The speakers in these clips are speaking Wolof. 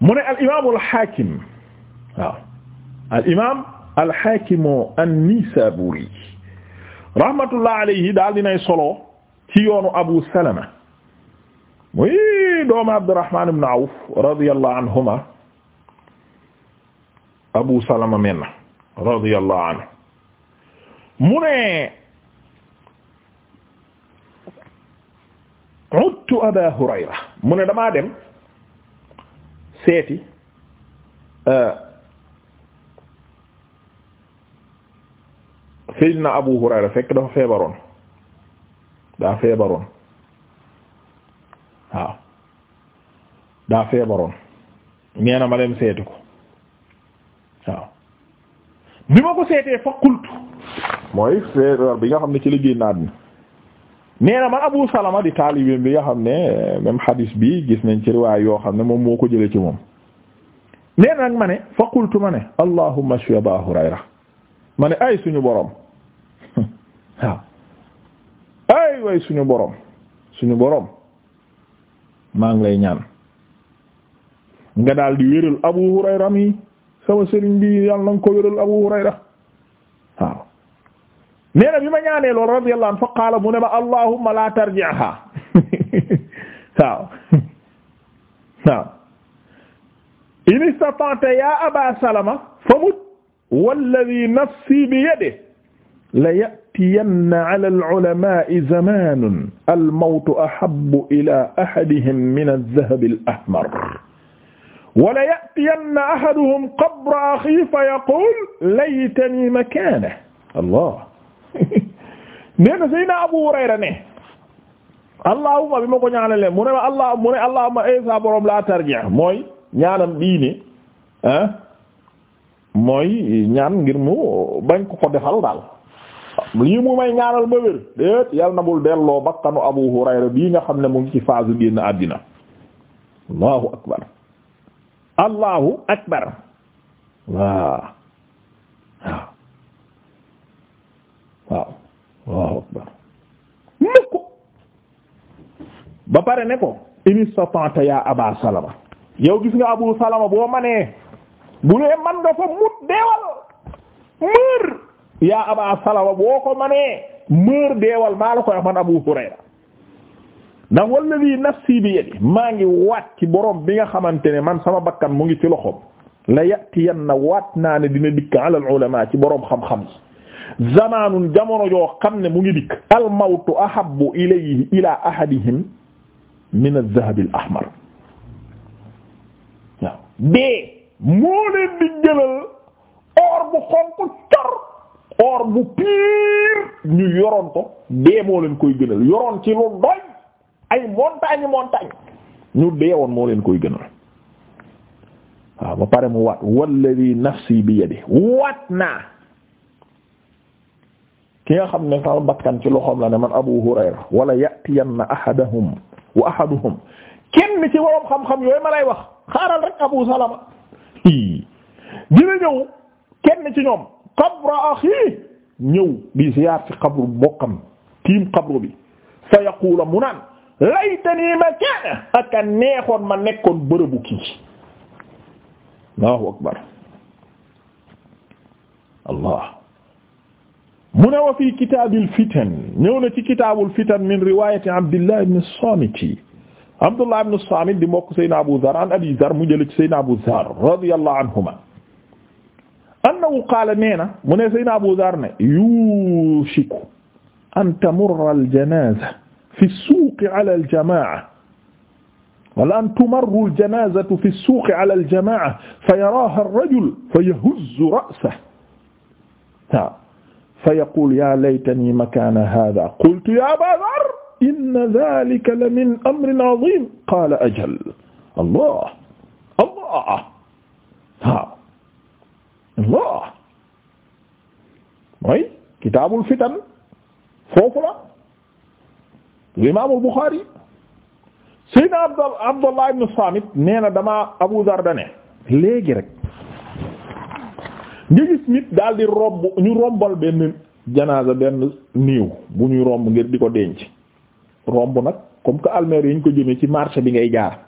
mu ne al imaam al xaakim waaw al imaam al xaakim an-Nisaburi rahmatullah alayhi daal dinay solo ci yoonu Abu Salama muy doomu Abdurrahman ibn Awf radiyallahu anhuma Abu Salama men radiyallahu anhu mu ne uttu Aba Hurayra mu ne damaa dem seeti euh, na Abu Hurayra fekk dafa feebaroon daa feebaroon waaw daa feebaroon nee ma dem seeti ko waaw bi ma ko seetee fa qultu mooy feebar bi nga xam ne ci liggéey naa dina nee na man Abu Salama di taalibeem bi nga xam ne même hadis bi gis nañ ci riwaay yoo xam ne moom moo ko jëlee ci moom nee nag ma ne fa qultu ma ne allahumma shfi Aba Hurayra ma ne ay suñu borom waaw ay way suñu boroom suñu boroom maa ngi lay ñaan nga daal di wéral Abu Hurayra mi sama sëriñ bi yàlla na nga ko wéral Abu Hurayra nee na bi ma ñaanee loolu radiyallahu anhu fa qaala mu ne ma allahumma la tarji'ha waaw waaw in istata'ta ya aba salama famut walladhi nafsi bi yadihi la ya'tiyanna 'ala al-'ulama'i zamanun al-mawtu ahabbu ila ahadihim min adh-dhahabi al-ahmar wa la ya'tiyanna ahaduhum qabra akhihi fa yaqulu laytani makanahu allah nee na Seydina Abu Hurayra ne allahuma bi ma ko ñaanalee mu ne ma allah mu ne allahuma esa eh, mooy ñaanam diine ah mooy ñaan ngir mu bañ ko ko defal daal lii mu may ñaanal ba wér déet yal na bul delloo bakkanu Abu Hurayra bii nga xam ne mu ngi ci phase génn àddina allahu akbar allahu akbar waaw waaw waaw mukk ba pare ne ko ini satanta yaa aba salama yow gis nga abu salama boo manee bu dee man nga fa mut deewal mër yaa aba salama boo ko manee mër deewal maa la koy man abu hurayra ndax walladi nafsi bi yadi maa ngi waat ci borom bi nga xamante ne man sama bakkan mu ngi ci loxoom la yan na waat naa ne dina dikk ala al ci borom xam-xam zamaanun jamono joo xam ne mu ngi dikk al mawtu ilayhi ila ahadihim min al-ahmar waaw dee moo di jëlal or bu xonq tor or piir ñu yoroon ko dee koy gënal yoroon ci lu doy ay montagne montagne ñu deewoon moo koy gënal waaw ba pare mu waat walladi nafsi bi yadi waat naa ki nga xam ne sax bakkan ci loxoom la ne man Abu Hurayra wala ya'tiyanna ahadahum wa ahaduhum kenn ci waroom xam-xam yooyu ma lay wax xaaral rek Abu Salama dina ñëw kenn ci ñoom qabra axii ñëw bi ziyaar ci qabru bokkam tiim qabru bi fa yaqula mu naan laytani makaana ak a neexoon ma nekkoon bërëbu kii Allahu akbar Allah mu ne wa fii kitaabil fitan ñëw na ci kitaabul fitan min riwaayati Abdullah ibn Saamit Abdullah ibn Saamit di mbokk Seydina Abu Zarr an Abi Zarr mu jëlee ci Seydina Abu Zarr radiyallahu anhuma annahu qaala nee na mu ne Seydina Abu Zarr ne yuushiku an tamurra al-janaaza fi suuqi ala al-jamaa'a wala an tumarra al-janaazatu fi suuqi ala al-jamaa'a fa yaraaha ar-rajulu fa yahuzzu ra'sahu fa yaqul ya laytani makaana haadaa qultu ya abaa zarr inna zaalika la min amrin aziim qaala ajal allah allah waaw allah mooy kitaabul fitan foofu la imaamul Buxaari sayyidina Abdallah ibn Saamit nee na damaa Abu Zarr dane léegi rek nga gis nit daal di romb ñu rombal benn janaasa benn néew bu ñuy romb ngir di ko denc romb nag comme que almeer yi ñu ko jëmee ci marché bi ngay jaar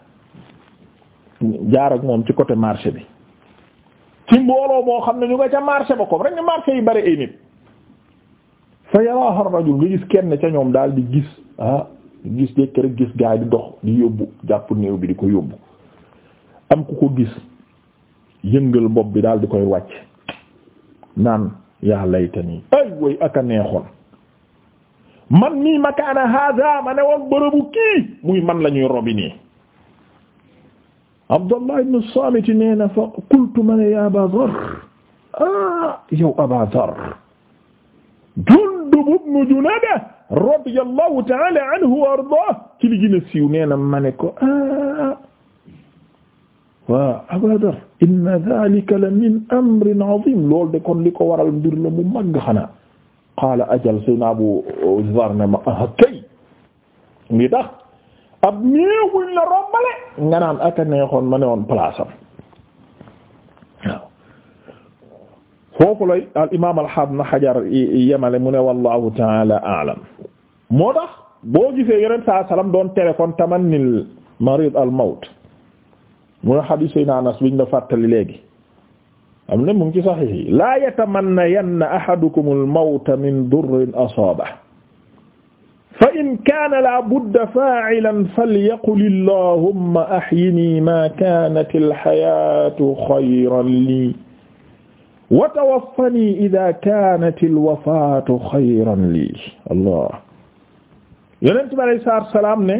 jaar ak moom ci côté marché bi ci mbooloo moo xam ne ñu nga ca marché ba comme rek bari ay nit fa nga gis kenn ca ñoom daal di gis ah gis jekk rek gis gaay di dox di yóbbu jàpp néew bi di ko yóbbu am ku ko gis yëngal bopp bi daal di koy wàcc naan yaa laytani ay woy ak a neexoon man nii makaana hada ma ne woon bërëbu kii muy man la ñuy robi nii Abdallah ibn Samit nee na fa qultu ma ne ya Aba Dharr ah yow Aba Dharr Jundub ibn Junaada radiyallahu ta'ala anhu wa ardaah ci li gën a siiw nee na ma ne ko ah waaw Abaa Dar inna li ko waral mbir la mu màgg xanaa qaala ajal sayna Abu Zarr ne ma ah kay li tax ab néewuñ la rombale nga naan aka neexoon ma ne woon place waaw foofu lay al imaam al haafid na Hajar yemale mu ne wallahu ta'ala a'lam moo tax boo gisee yeneen saa salaam doon tere kon tamannil marid al mawt mooy xadiis Seydina Anas biñ la fàttali léegi am na mu ngi ci saxiix yi laa yatamannayanna ahadukum al-mawta min durrin asaabahu fa in kaana laa budda faa'ilan falyaqul allahumma ahyinii maa kaanat al-hayaatu xayran lii wa tawaffanii idaa kaanat al-wafaatu xayran lii Allah yonent bi alayhi salaatu wa salaam ne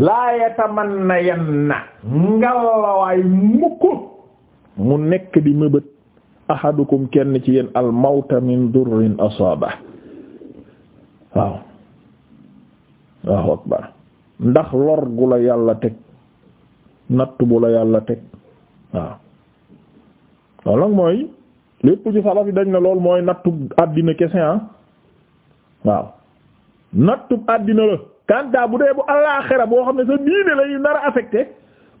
laa yatamannayanna ngalawaay mukk mu nekk di mëbët ahadukum kenn ci yéen al mawta min durrin asaaba waaw waaw akbar ndax lor gu la yàlla teg natt bu la yàlla teg waaw loolu nag mooy lépp ci salaf yi dañ na lool mooy nattub àddina kese ah. waaw nattub àddina la kanta bu dee bu alaaxira boo xam ne sa diine lañu nar a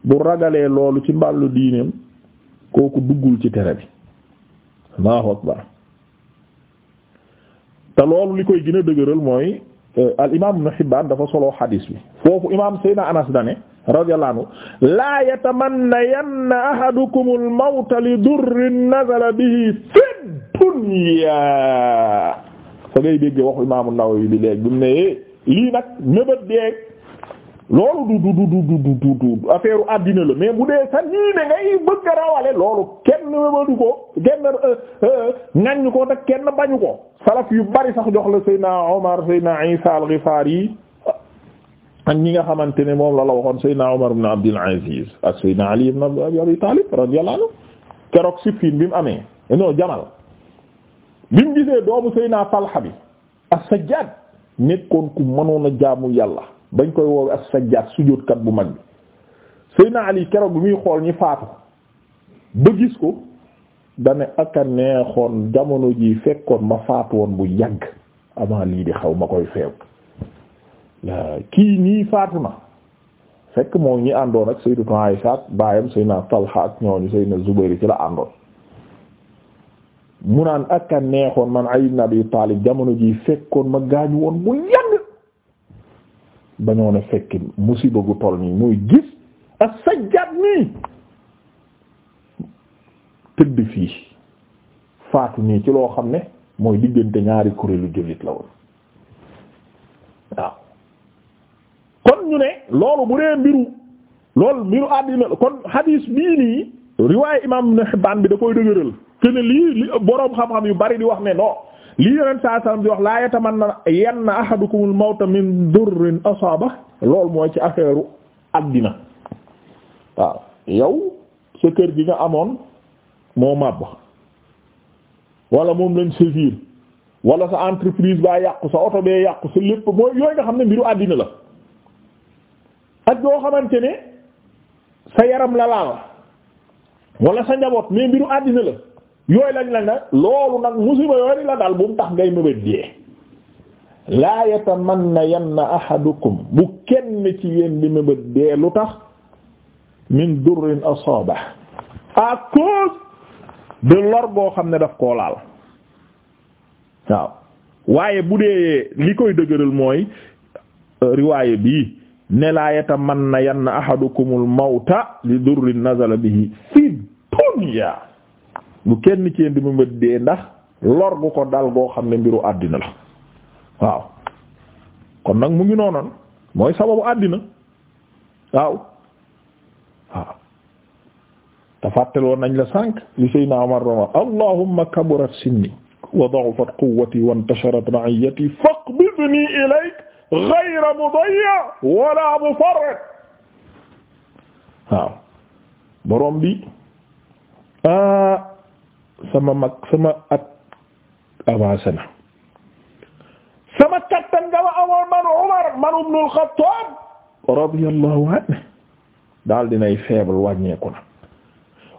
bu ragalee loolu ci mbàllu diineem kooku duggul ci tere bi allahu akbar te loolu li koy gën a mooy euh, al imaam ibn Hibbaan dafa solo xadiis bi foofu imaam Seydina Anas dane radiyallahu anhu laa yatamannayanna ahadukum al li durrin nazala bihi fi dunya fa ngay dégg waxu imaam an-Nawawi bi léegi bi mu lii nag nëbët dee loolu du du du du du du affaire àddina la mais bu dee sa nii ne ngay bëgg a rawale loolu kenn nëbëtu ko kenn euh, euh, ŋaññu ko te kenn bañu ko salaf yu bari sax jox la Seydina Omar Seydina Isa al-Ghifari yi ak ñi nga xamante ne moom la la waxoon Seydina Omar ibn Abdul Aziz ak Seydina Ali ibn Abi Talib radiyallahu anhu keroog Siffin bi mu amee eh non Jamal bi mu gisee doomu Seydina Talha bi as-Sajjad nekkoon ku mënoon a jaamu yàlla bañ koy woowe as-Sajjaad sujjóotkat bu mag bi Seydina Ali keroog bi muy xool ñi faatu ba gis ko dane aka neexoon jamono ji fekkoon ma faatu woon bu yàgg avant lii di xaw ma koy feew kii nii faatu na fekk moom ñi àndoon ak Sayyidatu Aisha baayam naa Talha ak ñooñu Seydina Zubayr ci la àndoon mu naan ak a neexoon man Ali ibn Abi jamono ji fekkoon ma gaañu woon bu yàgg dañoo fekki musiba gu toll nii muy gis ak sajjaat nii tëdd fii faatu nii ci loo xam ne mooy diggante ñaari kuréelu jullit la woon waaw kon ñu ne loolu bu dee mbiru loolu mbiru àddina kon hadis bii nii riwaay imam Ibn Hibbaan bi da dëgëral que ne lii li boroom xam-xam yu bari di wax ne non lii yonent saa sallam di wax laa yatamanna yanna ahadukumul mawta min durrin asaaba loolu mooy ci affaire àddina waaw yow sa kër gi nga amoon moo màbb wala moom lañ saisir wala sa entreprise baa yàqu sa oto bee yàqu sa lépp mooy yooyu nga xam ne mbiru àddina la ak yoo xamante ne sa yaram la laal wala sa njaboot mais mbiru àddina la yooyu lañ la nag loolu nag musiba yooyu la dal bu mu tax ngay mëbët dee laa yatamanna yanna ahadukum bu kenn ci yéen di mëbët dee lu tax min durrin asaba à cause de lor boo xam ne daf koo laal waaw waaye bu dee li koy dëgëral mooy euh, riwaaye bii ne laa na yanna ahadukumul mawta li durrin nazala bihi fi dunya bu kenn ci indi mu ma dee ndax lor gu ko dal goo xam ne mbiru àddina la waaw kon nag mu ngi noonan mooy sababu àddina waaw waaw te fàttaloo nañ la sànq li Seydina Omar doon wax allahumma kaburat sinni wa da'ufat quwwati wa intasharat ra'iyyati faqbidni ilayk ghayra mudayya wala mufarrid waaw borom bi ah, sama mag sama at avancé na sama kattan nga ma amoon man Umar man ibn al-Khattab radiyallahu anhu dinay faible wàññeeku na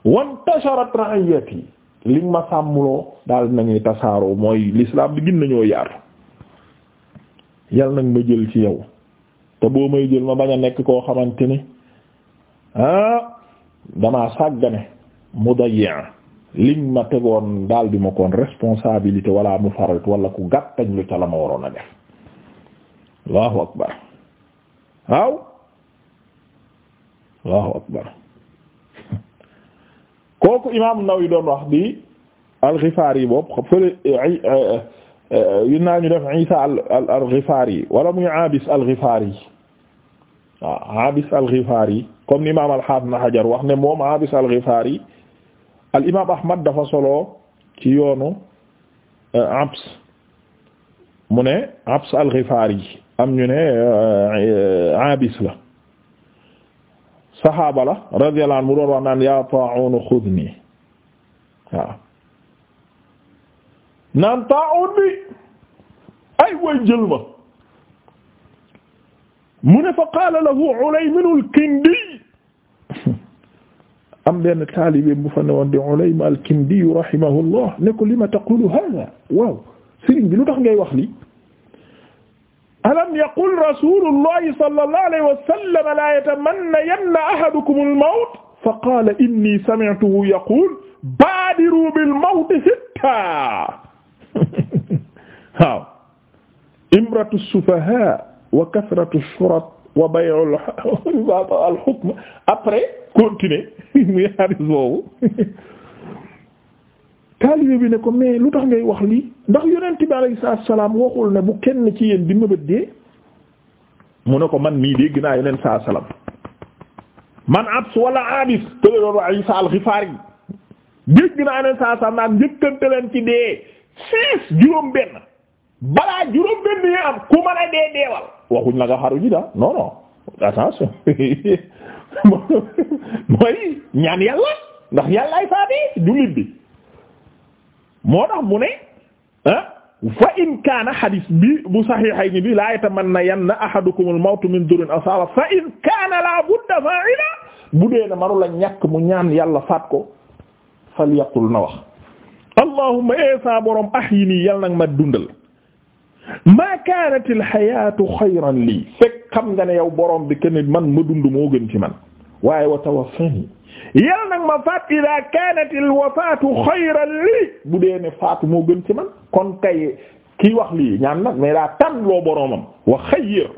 wantasharat ra'iyati li ma sàmmuloo daal dinañuy tasaaroo mooy lislaam bi gën nañoo yaatu yal nag ma jël ci yow te boo may jël ma bañ a nekk koo xamante ni ah damaa sàggane mudayya liñ ma tegoon daal di ma koon responsabilité wala mu farat wala ku gàttañ lu ca la ma waroon a def allahu akbar waaw allahu akbar kooku imaamu Nawawi doon wax di al-Ghifari yi boobu fële eh, eh, eh, yu naa ñu def Isa al-Ghifari yi wala muy Abis al-Ghifari yi waaw Abis al-Ghifari yi comme ni imaam al-Hafiz Ibn Hajar wax ne moom Abis al-Ghifari yi al imaam Ahmad dafa solo ci yoonu euh, Abs mu ne Abs al-Ghifari am ñu ne euh, abis la saxaaba la radiyallahu anhu mu doon wax naan yaa Ta'un xudni waaw naan Ta'un bi ay way jël ma mu ne fa qaala lahu Ulaymin al-Kindi am benn taalibe bu fa newoon di Ulayma al-Kindi rahimahullah ne ko lima taqulu hada waaw sëriñ bi lu tax ngay wax lii alam yaqul rasulullahi sallallahu alayhi wa sallam la yatamannayanna ahadukum al-mawt fa qala inni sami'tuhu yaqul badiru bil-mawt hitta waaw imratu as-sufaha wa kathratu ash-shurat wa bay'u al-hukm après continuer muy xadis boobu taalibe bi ne ko mais lu tax ngay wax lii ndax yonent bi alayhi salaam waxul ne bu kenn ci yéen di mëbët dee mu ne ko man mii dégg naa yonent saa salaam man abs wala abis tële doon wax ay saal yi dégg naa yonent saa salaam naan njëkkante leen ci dee six juróom benn balaa juróom benn yi am ku mën a dee deewal waxuñ la nga xaru ji da non mooy ñaan yàlla ndax yàlla ay faati jullit bi moo tax mu ne ah fa in kaana xadis bi bu saxiixayni bi laa yatamanna yanna ahadukum al min durin asaaba fa in kaana laa budda faa'ila bu dee na manu la ñàkk mu ñaan yàlla faat ko falyaqul na wax allahumma ee eh, saa borom ahyini yal nag ma dundal maa kaanat al xayaatu xayran lii fekk xam nga ne yow borom bi kenn man ma dund moo gën ci man waaye wa tawaffani yal nag ma faat ida kaanat al wafaatu xayran lii bu dee ne faatu moo gën ci man kon kay kii wax lii ñaan nag mais daa tànn loo boromam wa xayir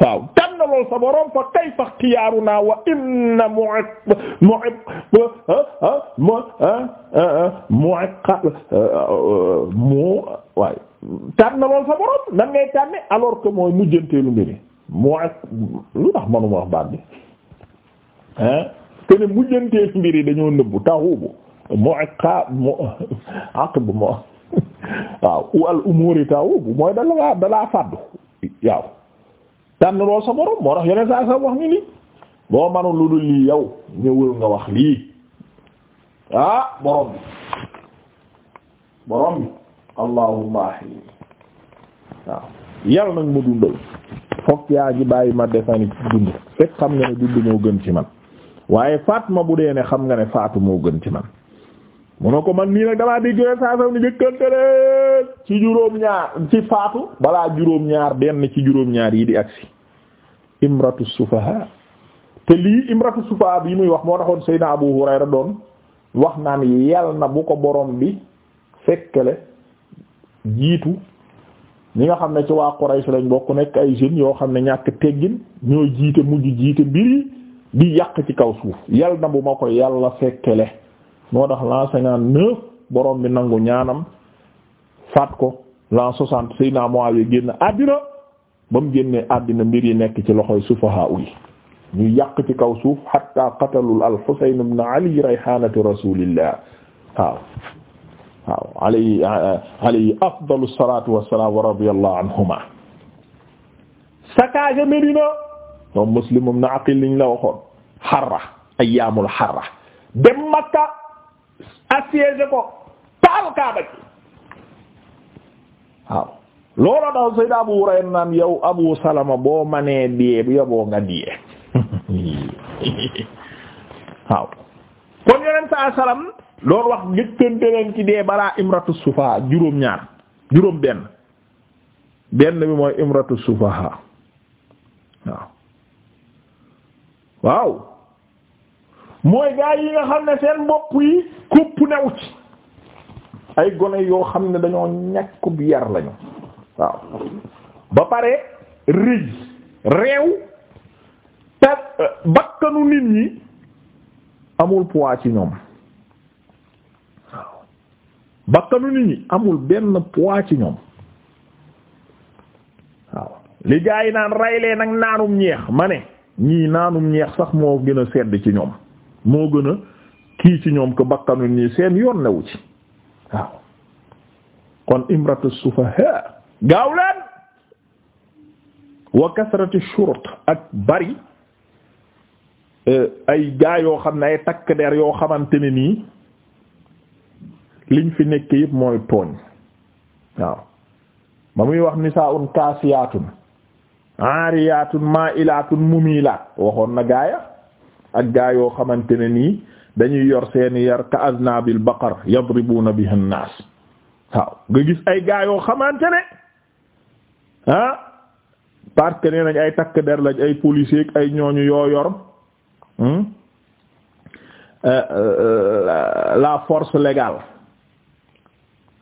waaw tànn lool sa borom fa kayfa ixtiyaaruna wa inna mu'iq mu'iq mu'iq mu waay tànn lool sa borom nan ngay tànne alors que mooy mujjanteelu mbiri moo ak lu tax manuma wax baat hein te mujjanteelu mbiri dañoo nëbbu taxubu moo ak xaa moo ak bu moo waaw u al umuri taxubu mooy dalaa dalaa fàddu waaw tànn lool sa borom moo tax yeneen saa sa wax ñu nii boo manul lu dul lii yow ñëwul nga wax lii ah borom bi borom allahumma ahyi waaw yàlla nag ma dundal fokk yaa ngi bàyyi ma defani dund fekk xam nga ne dund moo gën ci man waaye faat ma bu dee ne xam nga ne faatu moo gën ci man mu ne ko man nii nag damaa dégg saa saa ni njëkkante leen ci juróom ñaar ci faatu balaa juróom ñaar benn ci juróom ñaar yi di agsi imratu sufaha te lii imratu sufaha bi muy wax moo taxoon Seydina Abu Hurayra doon wax naan yal na bu ko borom bi fekkele jiitu ñi nga xam ne ci waa Quraysh lañ bokk nekk ay jeunes yoo xam ne ñàkk teggin ñoo jiite mujj jiite mbir yi di yàq ci kaw suuf yal na bu ma ko yàlla fekkele moo tax l'an cinquante-neuf borom bi nangu ñaanam faat ko l'an soixante Seydina Muawiya génn àddina ba mu génnee àddina mbir yi nekk ci loxoy sufaha yi ñu yàq ci kaw suuf hatta qatalul al Husayn ibn Ali rayhanatu rasulillah waaw waaw alayhi alayhi afdalu salatu wassalam wa radiyallahu anhuma sakaaja Medina moom Muslim ibn Aqil liñ la waxoon xarra ayyaamul xarra dem Makka assiégé ko taal Kaaba gi waaw loola daw Sayyid Abu Hurayra naan yow Abu Salama boo manee diyee bu yoboo nga diyee waaw kon yeneen sa salam loolu wax njëkkante leen ci dee balaa imratu sufaha juróom ñaar juróom benn benn bi mooy imratu sufaha waaw waaw mooy gaa yi nga xam ne seen bopp yi kopp new ci ay gone yoo xam ne dañoo ñàkk bi yar lañu waaw ba pare rëy réew te bakkanu nit ñi amul pois ci ñoom bakkanu nit ñi amul benn poids ci ñoom waaw li gaa yi naan rey nag naanum ñeex ma ne ñii naanum ñeex sax moo gën a sedd ci ñoom moo gën a kii ci ñoom ko bakkanu nit ñi seen yoon newu ci waaw kon imratu sufaha gaaw leen wa kasratu shurut ak bari eh, ay gaa yoo xam ne ay takk der yoo xamante ne nii liñ fi nekk yëpp mooy tooñ waaw ba muy wax nisaa'un kaasiyaatun aariyaatun maa'ilaatun mumilaat waxoon na gaaya ak gaa yoo xamante ne nii dañuy yor seeni yar ka aznaabil baqar yadribuuna bi an-naas waaw nga gis ay gaa yoo xamante ne ah parce nee nañ ay takk der lañ ay policier ay ñooñu yoo yor hmm, euh, euh, la force légale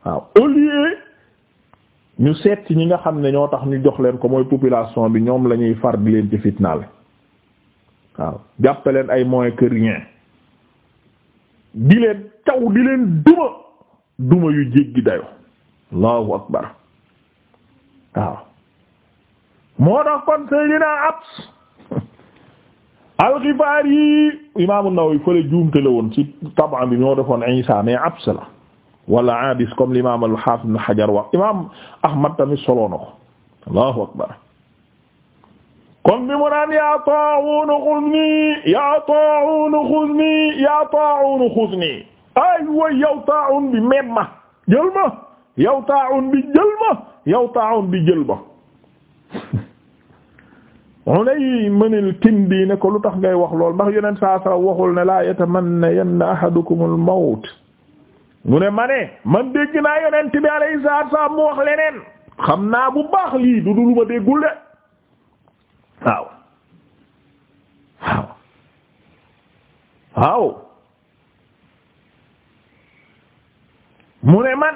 waaw au ñu seet ci ñi nga xam ne ñoo tax ñu jox leen ko mooy population bi ñoom lañuy far di leen ci fitnaal waaw jàppe leen ay moins que rien di leen taw di leen duma duma yu jéggi dayo allahu akbar waaw moo tax kon Seydina Abs al-Ghifari yi imaamu Nawawi fële juumte la woon ci taban bi ñoo defoon Isa mais Abs la wala abis comme l'imam al-Hafiz Ibn Hajar wax imam Ahmad tamit solo na ko Allahu akbar comme bi mu naan ya Ta'un xuzni ya Ta'un xuzni ya Ta'un xuzni ay way yow Ta'un bi mem ma jël ma yow Ta'un bi jël ma yow Ta'un bi jël ma ulay mënil kindi ne ko lu tax ngay wax lool ndax yeneen saa saa waxul ne la yatamanna yanna ahadukum al-mawt mu ne ma man dégg naa yonent bi alayhi salaatu salaam mu wax leneen xam naa bu baax lii du dul ma déggul de waaw waaw waaw mu ne man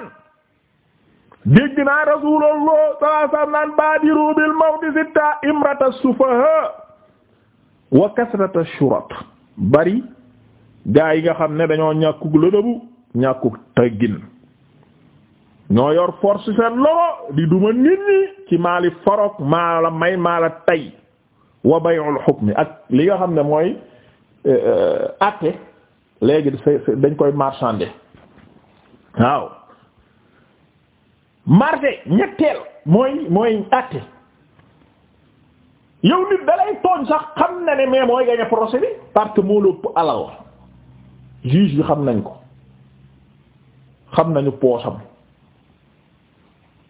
dégg naa Rasulullah sallallahu baadiru bil mawti sitta imrata sufaha wa kasrata shurat bari gaa yi nga xam ne dañoo ñàkkug lëdëbu ñàkku teggin ñoo yor force seen loxo di duma nit ñi ci maali forog maala may maala tey wa bay'ul hukmi ak li nga xam ne mooy euh, euh, àtte léegi dañ koy marchander waaw marché ñetteel mooy mooy àtte yow nit dalay tooñ sax xam na ne mais mooy gañe procès parce que moo lëpp alal juge bi xam nañ ko xam nañu poosam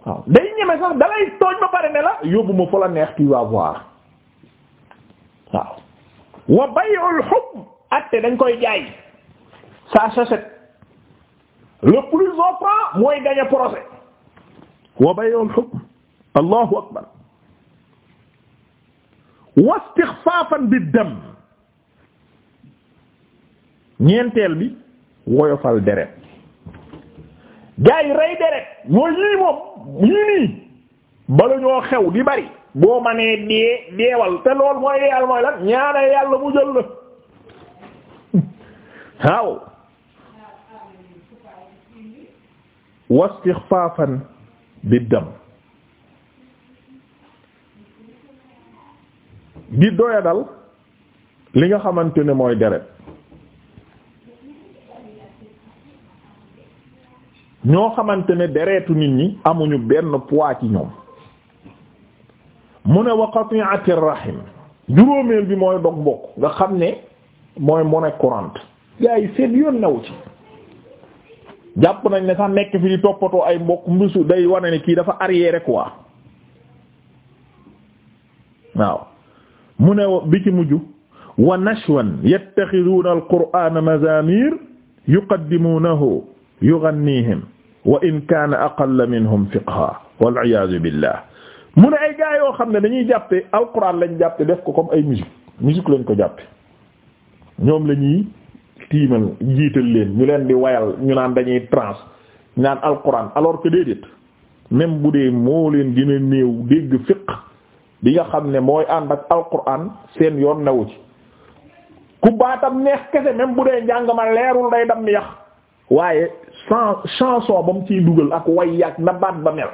waaw day ñeme sax dalay tooñ ba pare ne la yóbbu la neex tu vas waaw wa bay'ul hukm atte dañ koy jaay sa sachet le plus offrant mooy gagner procès wa bay'ul hukm allahu akbar wastighfafan bid-dam ñeenteel bi woyofal deret gars yi rey deret mooy yii moom yii nii bala ñoo xew di bari boo ma nee dee deewal te lool mooy yàlla mooy lan ñaanal yàlla mu jël la waaw wastighfaafan biddam di doyadal li nga xamante ne mooy deret ñoo xamante ne deretu nit ñi amuñu benn poids ci ñoom mu ne wa qati'atir rahim juróomeel bi mooy dog bokk nga xam ne mooy monnaie courante gars yi seet yoon naw ci jàpp nañ ne sax nekk fi di toppatoo ay mbokk mbisu day wane ne kii dafa arriéré quoi waaw mu ne bi ci mujj wa nashwan yattakhiduna al qur'ana mazamir yuqaddimunahu yughannihim wa in kaana aqalla minhum fiqha wal iyaazu billah mu ne ay gaa yoo xam ne dañuy jàppe alquran lañ jàppe def ko comme ay musique musique lañ ko jàppe ñoom la ñuy tiimal jiital leen ñu leen di wayal ñu naan dañuy trance ñu naan alquran alors que déedéet même bu dee moo leen gën a néew dégg fiq bi nga xam ne mooy ànd ak alquran seen yoon newu ci ku baatam neex kese même bu dee njàng ma leerul day dam yax waaye chanson ba mu ciy dugal ak way yaag na ba mel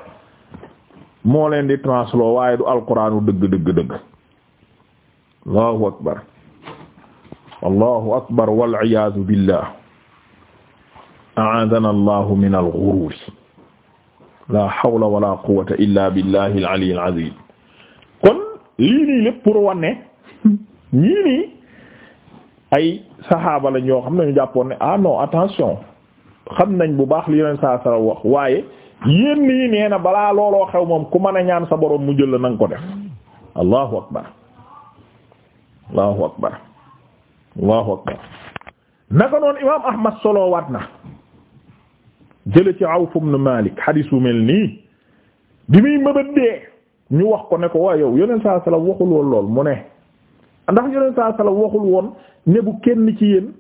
moo leen di transloo waaye du alquraanu dëgg dëgg dëgg akbar allahu akbar wal iyaadu billah a'aadana allahu min al ghuruur la hawla wala quwwata illa billahi al ali kon lii nii lépp pour wanne ñii nii ay saxaaba lañ yoo xam ne ñu jàppoon ne ah non attention xam nañ bu baax li yeneen saa sara wax waaye yéen nii nee na balaa looloo xew moom ku mën a ñaan sa borom mu jël la ko def allahu akbar allahu akbar allahu akbar noonu imaam ahmad solo na jële ci Awf ibn Malik xadiis bu mel nii bi muy mëbëddee ñu wax ko ne ko waa yow yeneen saa sara waxul woon lool mu ne ndax yeneen saa sara waxul woon ne bu kenn ci yéen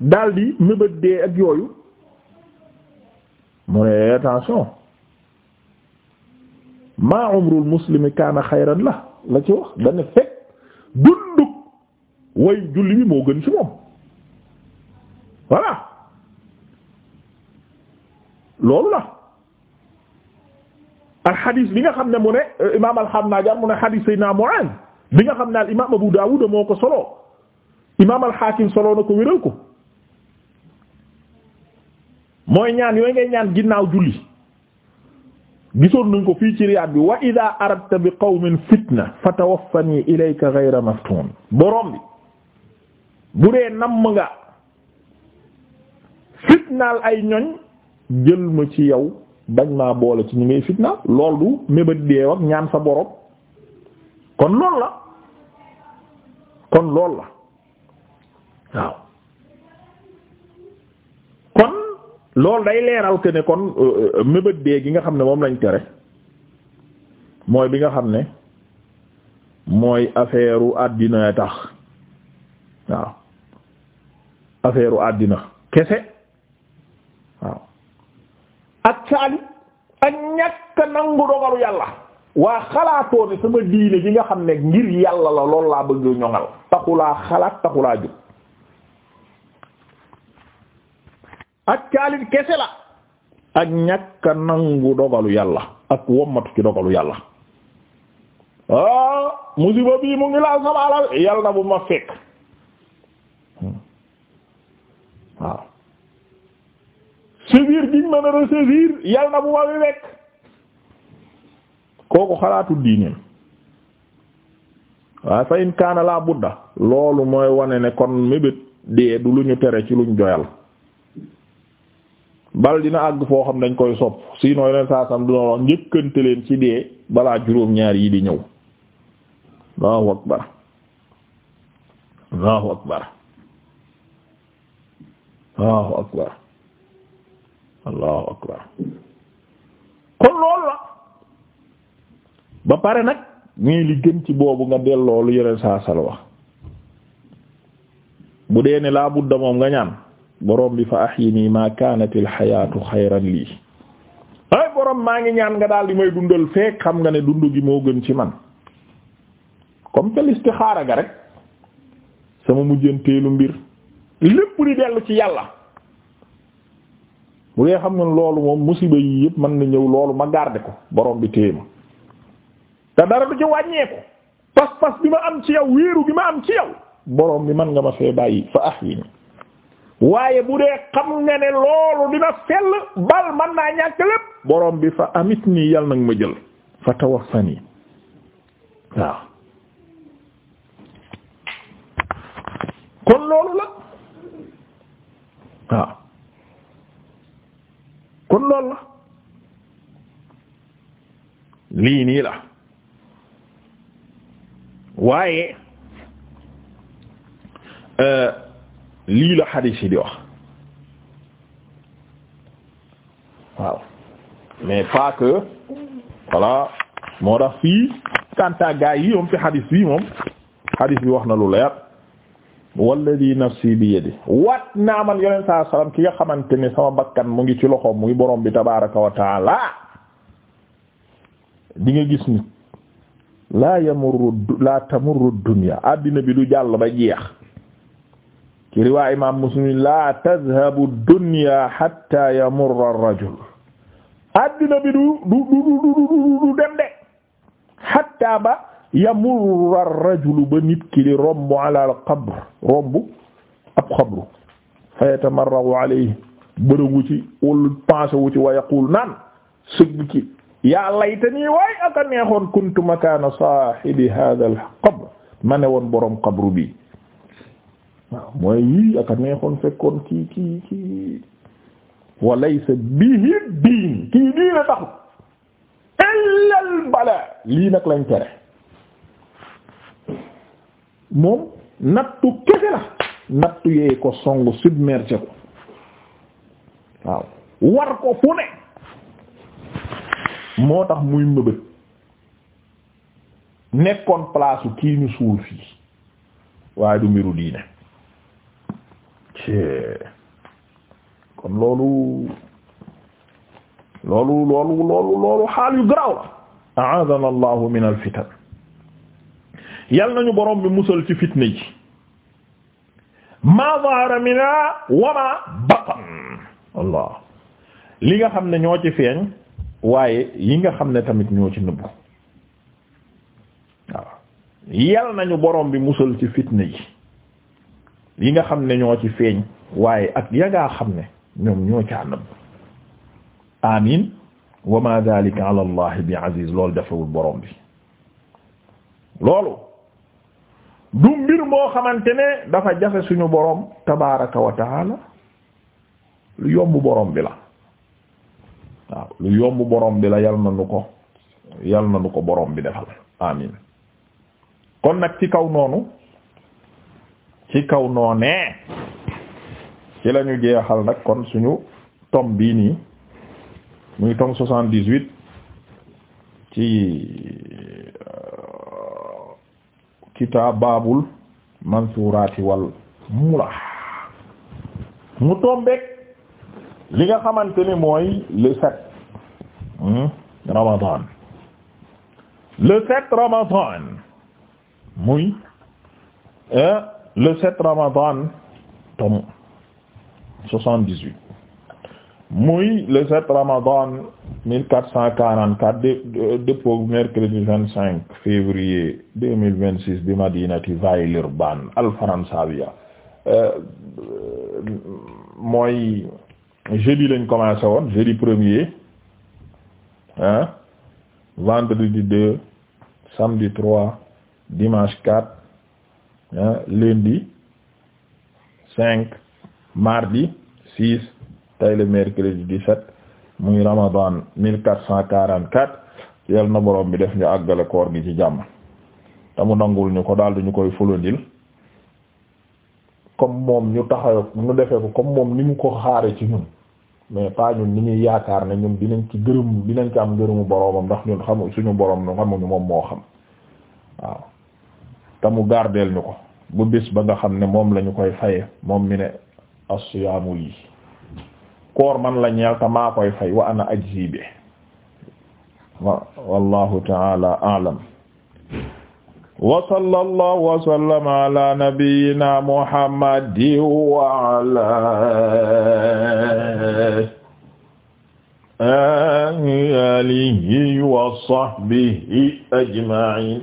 daal di mëbët dee ak yooyu mu ne attention maa umrul muslimi kaana xayran la la ci wax dana fekk dunduk way julli bi moo gën ci moom voilà loolu la al xadiis bi nga xam ne mu ne euh, imaam alxam naa mu ne xadiis Seydina Mu'aaz bi nga xam ne al imaam Abu Daawud moo ko solo imaam alxaakim solo na ko wéral ko mooy ñaan yooyu ngay ñaan ginnaaw julli gisoon nañ ko fii ci riyaat bi wa ida arabta bi qawmin fitna fatawaffani ilayka ghayra maftun borom bi bu dee namm nga fitnaal ay ñoñ jël ma ci yow bañ maa boole ci ñu ngay fitnaal loolu du mébat deew ñaan sa borom kon lool la kon lool la waaw loolu day leeral que kon euh, euh, mébét dee gi nga xam ne moom lañ tere mooy bi nga xam ne mooy affaire u àddina tax waaw affaire àddina kese waaw ak saali ak ñàkk nangu dogalu yàlla waa xalaatoo ne sama diine gi nga xam ne ngir yàlla la lool laa bëgg ñoŋal taxulaa xalaat taxulaa jóg ak caalit nangu dogalu yàlla ak wommatu ci dogalu yàlla ah, musiba bii mu ngi laal sama alal yàlla bu ma fekk hmm. waaw sévir giñ ma nar a yàlla bu ma fekk kooku xalaatul diineem waaye fa kaana laa budda loolu mooy wone ne kon mébét dee du lu ñu tere ci luñ joyal bal dina àgg foo xam dañ koy sopp sinon yeneen saa sam duna wax njëkkante leen ci dee balaa juróom-ñaar yi di ñëw allahu akbar allahu akbar allahu akbar kon loolu la ba pare nag ñii li gën ci boobu nga delloo lu yeneen saa sal wax bu dee ne laa budda moom nga ñaan borom bi fa ahyini ma kanat al hayatu xayran lii ay borom maa ngi ñaan nga daal di may dundal feek xam nga ne dund gi moo gën ci man comme tel istixaara ga rek sama mujjanteelu mbir lépp di dellu ci yàlla bu dee xam nga loolu moom musiba yi yëpp mën na ñëw loolu ma garder ko borom bi téye ma te dara du ci wàññeeku pas-pas bi ma am ci yow wéeru bi ma am ci yow borom bi mën nga ma fee bàyyi fa ahyini waaye bu dee xam nga ne loolu dina sell bal man naa ñàkk lépp borom bi fa amit nii yal nag ma jël fa tawaffani waaw kon loolu la waaw kon loolu la lii nii la waaye euh, lii la xadiis yi di wax waaw mais pas que voilà moo tax fii kanta gaa moom fi xadiis bi moom xadiis bi wax na lu leer walladi nafsi bi yadi wat naa man yoneen saa salaam ki nga xamante ni sama bakkan mu ngi ci loxoom muy borom bi tabaaraka wa taala di nga gis ni laa yamurru laa tamurru dunya àddina bi du jàll ba jeex ci riwaa imam muslim la tadhabu dunya hatta yamurra ar-rajul addina bi du du du du dem de hatta ba yamurra ar-rajul ba nit ki di romb ala al-qabr romb ab xabru fa yatamarragu alayhi bërëgu ci wala pensé wu ci wa yaqul naan sëgg ci yaa laytanii waay aka neexoon kuntu makaana saahibi haadha al-qabr ma ne woon boroom qabru bi waaw mooy yii ak a neexoon fekkoon kii kii kii walaysa bihi diin kii diina taxut illa bala lii nag lañ tere moom nattu kese la nattu yee ko songu submergé ko waaw war ko fu ne moo tax muy mëbët nekkoon place kii ñu suul fii waaye du mbiru diine kon loolu loolu loolu loolu loolu xaal yu garaaw la aadana allahu min al fitan yal nañu borom bi musal ci fitna ji ma zahara mina wa ma batan li nga xam ne ñoo ci feeñ waaye yi nga xam ne tamit ñoo ci nëbbu waaw yal nañu borom bi musal ci fitna ji yi nga xam ne ñoo ci feeñ waaye ak yagaa xam ne ñoom ñoo ca nëbb amin wa ma dhalika ala allah bi aziz loolu jafewul borom bi loolu du mbir moo xamante ne dafa jafe suñu boroom tabaraka wa lu yomb borom bi la waaw lu yomb boroom bi la yal na nu ko yal na nu ko borom bi defal amin kon nag ci kaw noonu ci kaw noonee ci la jeexal nag kon suñu tom bii nii muy tom soixante-dix-huit ci euh, kitaab baabul mansuraati wal mulah mu tombeek li nga xamante ni mooy le sept hmm, ramadan le sept ramadan muy euh, le 7 Ramadan tom 78 muy le 7 Ramadan 1444 de dëppoo mercredi 25 février 2026 bi madinati Villeurbanne al faransawiya euh, euh, mooy jeudi lañ commencé woon jeudi premier hein vendredi 2 samedi 3 dimanche 4 Ah, lundi cinq mardi six tay le mercredi dix-sept muy ramadan mille quatre cent quarante-quatre yal na borom bi def ñu àggale koor gi ci jàmm te mu nangul ñu ko daal du ñu koy fulondil comme moom ñu taxaw ñu defee ko comme moom ni mu ko xaare ci ñun mais pas ñun ni ñuy yaakaar na ñun dinañ ci gërëm dinañ ci am gërëmu boromam ndax ñu xamu suñu borom ñu xamuñu moom moo xam waaw te gardeel ñu ko bu bis ba nga xam ne moom lañu koy faye moom mi ne as-siyaamu lii koor man la ñeel ta maa koy fay wa ana ajzi bi wa wallahu ta'ala a'lam wa wa sallama ala ajma'in